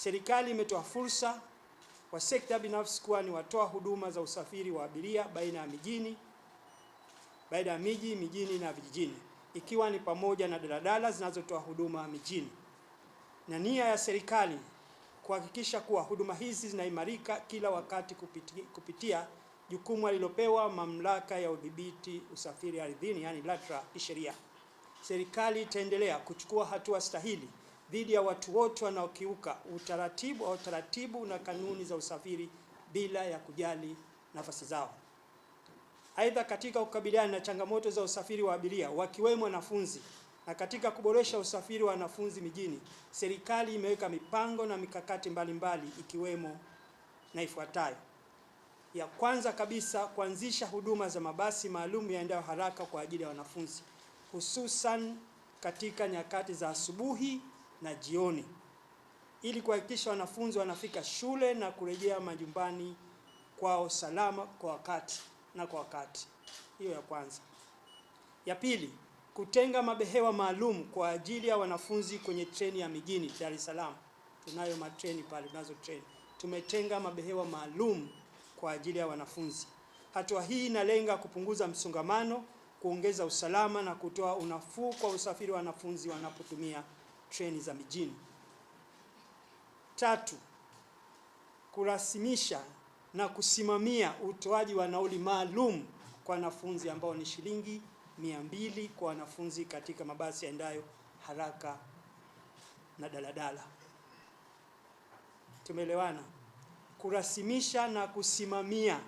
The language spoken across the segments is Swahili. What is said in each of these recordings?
serikali imetoa fursa kwa sekta binafsi kuwa ni watoa huduma za usafiri wa abiria baina ya mijini baina ya miji mijini na vijijini, ikiwa ni pamoja na daladala zinazotoa huduma mijini, na nia ya serikali kuhakikisha kuwa huduma hizi zinaimarika kila wakati kupitia, kupitia jukumu alilopewa mamlaka ya udhibiti usafiri ardhini, yani LATRA kisheria. Serikali itaendelea kuchukua hatua stahili dhidi ya watu wote wanaokiuka utaratibu au taratibu na kanuni za usafiri bila ya kujali nafasi zao. Aidha, katika kukabiliana na changamoto za usafiri wa abiria wakiwemo wanafunzi na katika kuboresha usafiri wa wanafunzi mijini, serikali imeweka mipango na mikakati mbalimbali mbali, ikiwemo na ifuatayo. Ya kwanza kabisa, kuanzisha huduma za mabasi maalum yaendayo haraka kwa ajili ya wanafunzi, hususan katika nyakati za asubuhi na jioni ili kuhakikisha wanafunzi wanafika shule na kurejea majumbani kwao salama kwa wakati na kwa wakati. Hiyo ya kwanza. Ya pili, kutenga mabehewa maalum kwa ajili ya wanafunzi kwenye treni ya mijini. Dar es Salaam tunayo matreni pale, tunazo treni, tumetenga mabehewa maalum kwa ajili ya wanafunzi. Hatua hii inalenga kupunguza msongamano, kuongeza usalama na kutoa unafuu kwa usafiri wa wanafunzi wanapotumia treni za mijini. Tatu, kurasimisha na kusimamia utoaji wa nauli maalum kwa wanafunzi ambao ni shilingi mia mbili kwa wanafunzi katika mabasi yaendayo haraka na daladala. Tumeelewana? Kurasimisha na kusimamia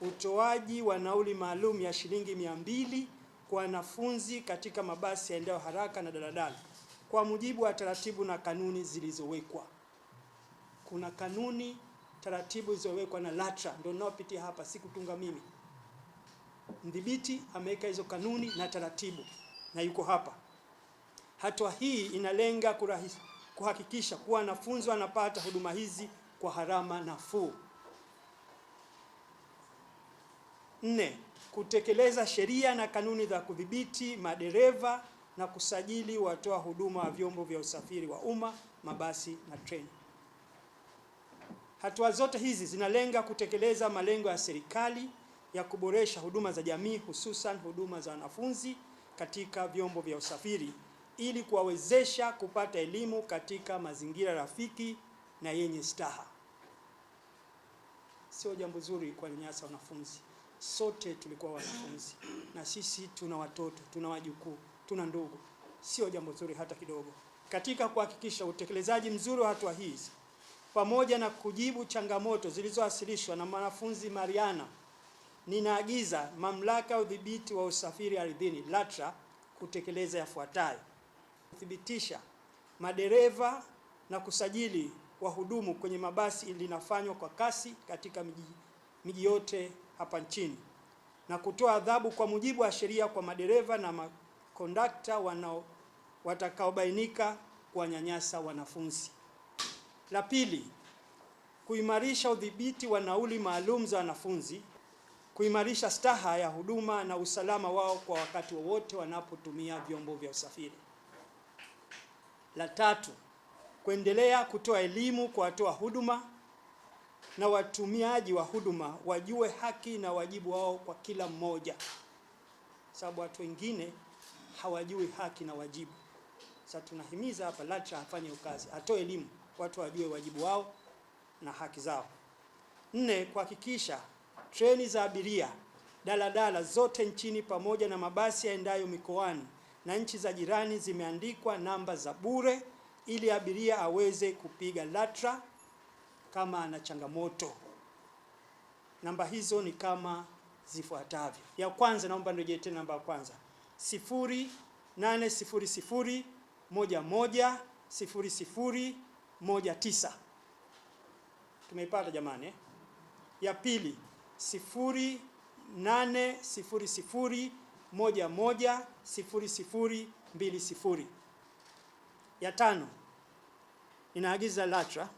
utoaji wa nauli maalum ya shilingi mia mbili kwa wanafunzi katika mabasi yaendayo haraka na daladala kwa mujibu wa taratibu na kanuni zilizowekwa. Kuna kanuni taratibu zilizowekwa na LATRA, ndio ninaopitia hapa, sikutunga mimi. Mdhibiti ameweka hizo kanuni na taratibu na yuko hapa. Hatua hii inalenga kurahisi, kuhakikisha kuwa wanafunzi wanapata huduma hizi kwa harama nafuu. Nne, kutekeleza sheria na kanuni za kudhibiti madereva na kusajili watoa huduma wa vyombo vya usafiri wa umma, mabasi na treni. Hatua zote hizi zinalenga kutekeleza malengo ya serikali ya kuboresha huduma za jamii, hususan huduma za wanafunzi katika vyombo vya usafiri ili kuwawezesha kupata elimu katika mazingira rafiki na yenye staha. Sio jambo zuri kuwanyanyasa wanafunzi. Sote tulikuwa wanafunzi na sisi tuna watoto, tuna wajukuu tuna ndugu, sio jambo zuri hata kidogo. Katika kuhakikisha utekelezaji mzuri wa hatua hizi pamoja na kujibu changamoto zilizowasilishwa na mwanafunzi Mariana, ninaagiza mamlaka ya udhibiti wa usafiri ardhini LATRA kutekeleza yafuatayo: kuthibitisha madereva na kusajili wahudumu kwenye mabasi linafanywa kwa kasi katika miji, miji yote hapa nchini na kutoa adhabu kwa mujibu wa sheria kwa madereva na ma kondakta wanao watakaobainika kuwanyanyasa wanafunzi. La pili, kuimarisha udhibiti wa nauli maalum za wanafunzi, kuimarisha staha ya huduma na usalama wao kwa wakati wowote wanapotumia vyombo vya usafiri. La tatu, kuendelea kutoa elimu kwa watoa huduma na watumiaji wa huduma wajue haki na wajibu wao kwa kila mmoja, sababu watu wengine hawajui haki na wajibu. Sasa tunahimiza hapa LATRA afanye ukazi, atoe elimu, watu wajue wajibu wao na haki zao. Nne, kuhakikisha treni za abiria, daladala zote nchini pamoja na mabasi yaendayo mikoani na nchi za jirani zimeandikwa namba za bure ili abiria aweze kupiga LATRA kama ana changamoto. Namba hizo ni kama zifuatavyo. Ya kwanza, naomba nirejee tena namba ya kwanza 0800110019. Tumeipata jamani eh? Ya pili 0800110020. Ya tano inaagiza LATRA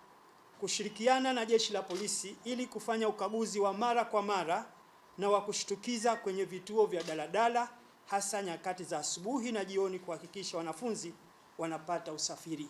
kushirikiana na jeshi la polisi ili kufanya ukaguzi wa mara kwa mara na wa kushtukiza kwenye vituo vya daladala hasa nyakati za asubuhi na jioni kuhakikisha wanafunzi wanapata usafiri.